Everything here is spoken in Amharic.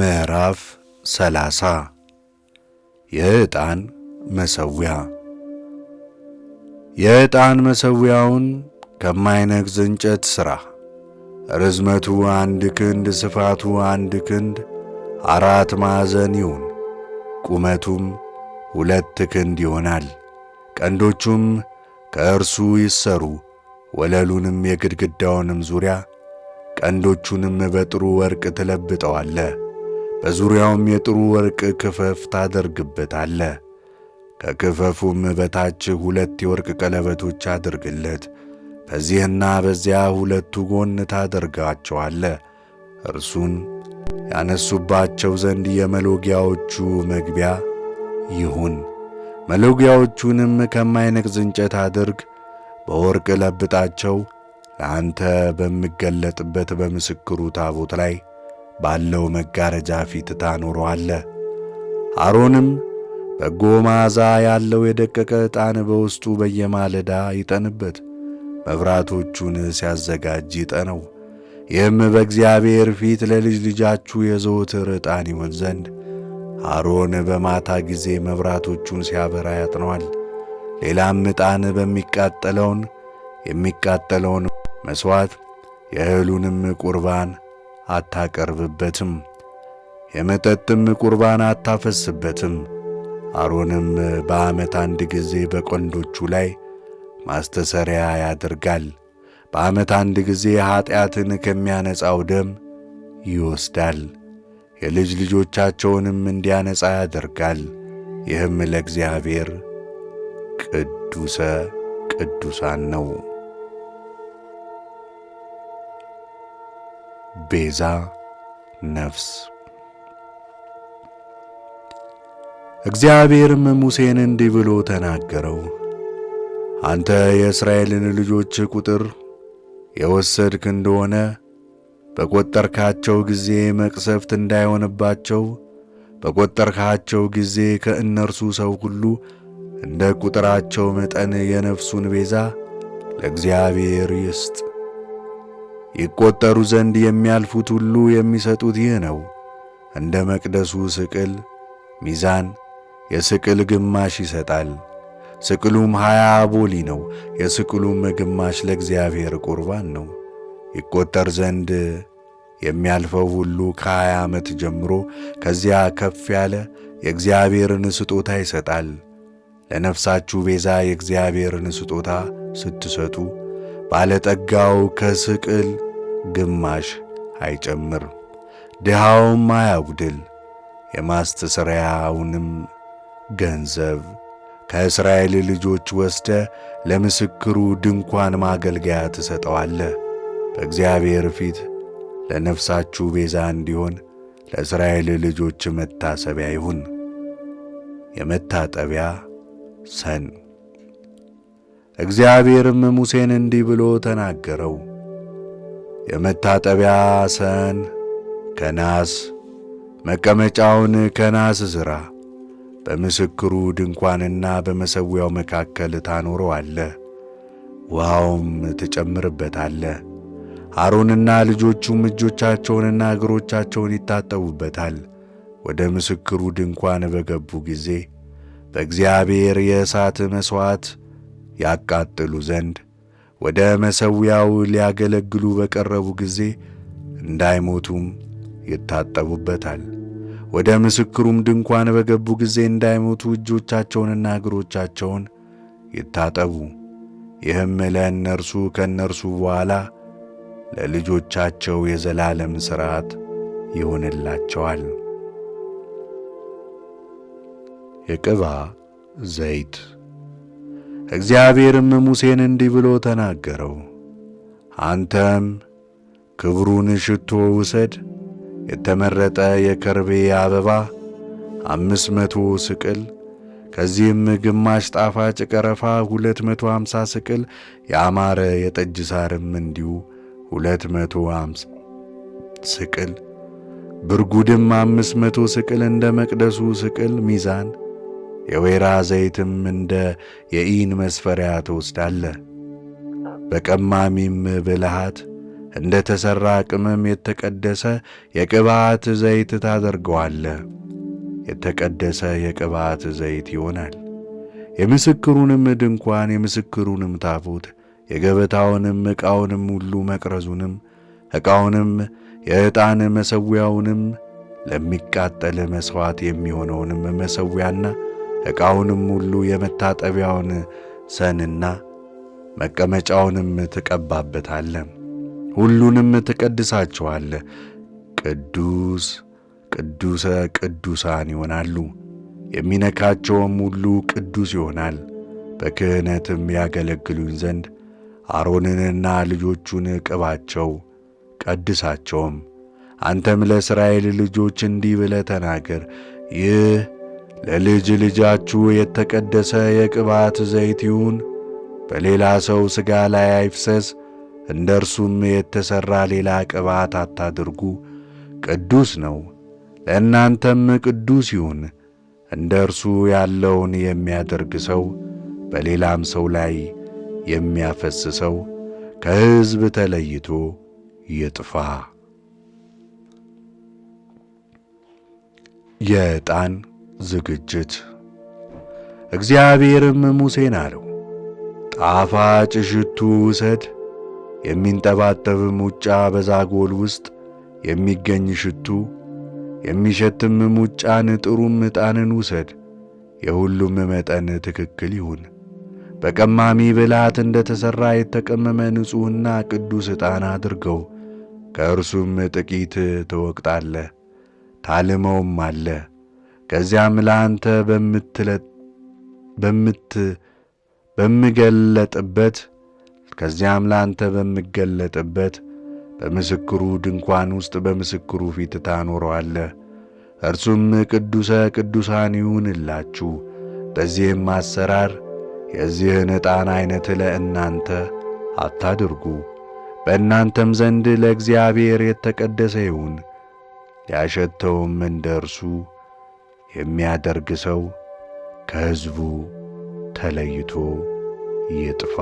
ምዕራፍ ሰላሳ የዕጣን መሠዊያ የዕጣን መሠዊያውን ከማይነግዝ እንጨት ሥራ። ርዝመቱ አንድ ክንድ ስፋቱ አንድ ክንድ አራት ማዕዘን ይሁን። ቁመቱም ሁለት ክንድ ይሆናል። ቀንዶቹም ከእርሱ ይሰሩ። ወለሉንም የግድግዳውንም ዙሪያ ቀንዶቹንም በጥሩ ወርቅ ትለብጠዋለ። በዙሪያውም የጥሩ ወርቅ ክፈፍ ታደርግበታለ። ከክፈፉም በታች ሁለት የወርቅ ቀለበቶች አድርግለት። በዚህና በዚያ ሁለቱ ጎን ታደርጋቸዋለ። እርሱም ያነሱባቸው ዘንድ የመሎጊያዎቹ መግቢያ ይሁን። መሎጊያዎቹንም ከማይነቅዝ እንጨት አድርግ፣ በወርቅ ለብጣቸው። ለአንተ በሚገለጥበት በምስክሩ ታቦት ላይ ባለው መጋረጃ ፊት ታኖረዋለ። አሮንም በጎ መዓዛ ያለው የደቀቀ ዕጣን በውስጡ በየማለዳ ይጠንበት፣ መብራቶቹን ሲያዘጋጅ ይጠነው። ይህም በእግዚአብሔር ፊት ለልጅ ልጃችሁ የዘወትር ዕጣን ይሆን ዘንድ አሮን በማታ ጊዜ መብራቶቹን ሲያበራ ያጥነዋል። ሌላም ዕጣን በሚቃጠለውን የሚቃጠለውን መሥዋዕት የእህሉንም ቁርባን አታቀርብበትም፣ የመጠጥም ቁርባን አታፈስበትም። አሮንም በዓመት አንድ ጊዜ በቀንዶቹ ላይ ማስተሰሪያ ያደርጋል። በዓመት አንድ ጊዜ ኀጢአትን ከሚያነጻው ደም ይወስዳል። የልጅ ልጆቻቸውንም እንዲያነጻ ያደርጋል። ይህም ለእግዚአብሔር ቅዱሰ ቅዱሳን ነው። ቤዛ ነፍስ። እግዚአብሔርም ሙሴን እንዲህ ብሎ ተናገረው። አንተ የእስራኤልን ልጆች ቁጥር የወሰድክ እንደሆነ በቈጠርካቸው ጊዜ መቅሰፍት እንዳይሆንባቸው በቈጠርካቸው ጊዜ ከእነርሱ ሰው ሁሉ እንደ ቁጥራቸው መጠን የነፍሱን ቤዛ ለእግዚአብሔር ይስጥ። ይቆጠሩ ዘንድ የሚያልፉት ሁሉ የሚሰጡት ይህ ነው። እንደ መቅደሱ ስቅል ሚዛን የስቅል ግማሽ ይሰጣል። ስቅሉም ሀያ አቦሊ ነው። የስቅሉም ግማሽ ለእግዚአብሔር ቁርባን ነው። ይቆጠር ዘንድ የሚያልፈው ሁሉ ከሀያ ዓመት ጀምሮ ከዚያ ከፍ ያለ የእግዚአብሔርን ስጦታ ይሰጣል። ለነፍሳችሁ ቤዛ የእግዚአብሔርን ስጦታ ስትሰጡ ባለጠጋው ከስቅል ግማሽ አይጨምር፣ ድሃውም አያጉድል፣ የማስተሰሪያውንም ገንዘብ ከእስራኤል ልጆች ወስደ ለምስክሩ ድንኳን ማገልገያ ትሰጠዋለ። በእግዚአብሔር ፊት ለነፍሳችሁ ቤዛ እንዲሆን ለእስራኤል ልጆች መታሰቢያ ይሁን። የመታጠቢያ ሰን እግዚአብሔርም ሙሴን እንዲህ ብሎ ተናገረው። የመታጠቢያ ሰን ከናስ መቀመጫውን ከናስ ዝራ፣ በምስክሩ ድንኳንና በመሠዊያው መካከል ታኖረዋለህ፣ ውሃውም ትጨምርበታለህ። አሮንና ልጆቹም እጆቻቸውንና እግሮቻቸውን ይታጠቡበታል። ወደ ምስክሩ ድንኳን በገቡ ጊዜ በእግዚአብሔር የእሳት መሥዋዕት ያቃጥሉ ዘንድ ወደ መሠዊያው ሊያገለግሉ በቀረቡ ጊዜ እንዳይሞቱም ይታጠቡበታል። ወደ ምስክሩም ድንኳን በገቡ ጊዜ እንዳይሞቱ እጆቻቸውንና እግሮቻቸውን ይታጠቡ። ይህም ለእነርሱ ከእነርሱ በኋላ ለልጆቻቸው የዘላለም ሥርዓት ይሆንላቸዋል። የቅባ ዘይት እግዚአብሔርም ሙሴን እንዲህ ብሎ ተናገረው፣ አንተም ክብሩን ሽቶ ውሰድ፣ የተመረጠ የከርቤ አበባ አምስት መቶ ስቅል ከዚህም ግማሽ ጣፋጭ ቀረፋ ሁለት መቶ አምሳ ስቅል ያማረ የጠጅ ሳርም እንዲሁ ሁለት መቶ አምሳ ስቅል ብርጉድም አምስት መቶ ስቅል እንደ መቅደሱ ስቅል ሚዛን የወይራ ዘይትም እንደ የኢን መስፈሪያ ትወስዳለ። በቀማሚም ብልሃት እንደ ተሠራ ቅመም የተቀደሰ የቅባት ዘይት ታደርገዋለ። የተቀደሰ የቅባት ዘይት ይሆናል። የምስክሩንም ድንኳን፣ የምስክሩንም ታቦት፣ የገበታውንም ዕቃውንም ሁሉ መቅረዙንም፣ ዕቃውንም፣ የዕጣን መሠዊያውንም፣ ለሚቃጠል መሥዋዕት የሚሆነውንም መሠዊያና ዕቃውንም ሁሉ የመታጠቢያውን ሰንና መቀመጫውንም ትቀባበታለ። ሁሉንም ትቀድሳቸዋለ። ቅዱስ ቅዱሰ ቅዱሳን ይሆናሉ። የሚነካቸውም ሁሉ ቅዱስ ይሆናል። በክህነትም ያገለግሉኝ ዘንድ አሮንንና ልጆቹን ቅባቸው ቀድሳቸውም። አንተም ለእስራኤል ልጆች እንዲህ ብለህ ተናገር ይህ ለልጅ ልጃችሁ የተቀደሰ የቅባት ዘይት ይሁን፣ በሌላ ሰው ሥጋ ላይ አይፍሰስ። እንደ እርሱም የተሠራ ሌላ ቅባት አታድርጉ፣ ቅዱስ ነው። ለእናንተም ቅዱስ ይሁን። እንደ እርሱ ያለውን የሚያደርግ ሰው በሌላም ሰው ላይ የሚያፈስሰው ከሕዝብ ተለይቶ ይጥፋ። የዕጣን ዝግጅት። እግዚአብሔርም ሙሴን አለው፣ ጣፋጭ ሽቱ ውሰድ፣ የሚንጠባጠብ ሙጫ በዛጎል ውስጥ የሚገኝ ሽቱ፣ የሚሸትም ሙጫን ጥሩም ዕጣንን ውሰድ። የሁሉም መጠን ትክክል ይሁን። በቀማሚ ብልሃት እንደ ተሠራ የተቀመመ ንጹሕና ቅዱስ ዕጣን አድርገው። ከእርሱም ጥቂት ትወቅጣለህ ታልመውም አለ ከዚያም ለአንተ በምገለጥበት ከዚያም ለአንተ በምገለጥበት በምስክሩ ድንኳን ውስጥ በምስክሩ ፊት ታኖረዋለህ። እርሱም ቅዱሰ ቅዱሳን ይሁንላችሁ። በዚህም አሰራር የዚህን ዕጣን ዐይነት ለእናንተ አታድርጉ። በእናንተም ዘንድ ለእግዚአብሔር የተቀደሰ ይሁን፣ ያሸተውም እንደ እርሱ የሚያደርግ ሰው ከሕዝቡ ተለይቶ ይጥፋ።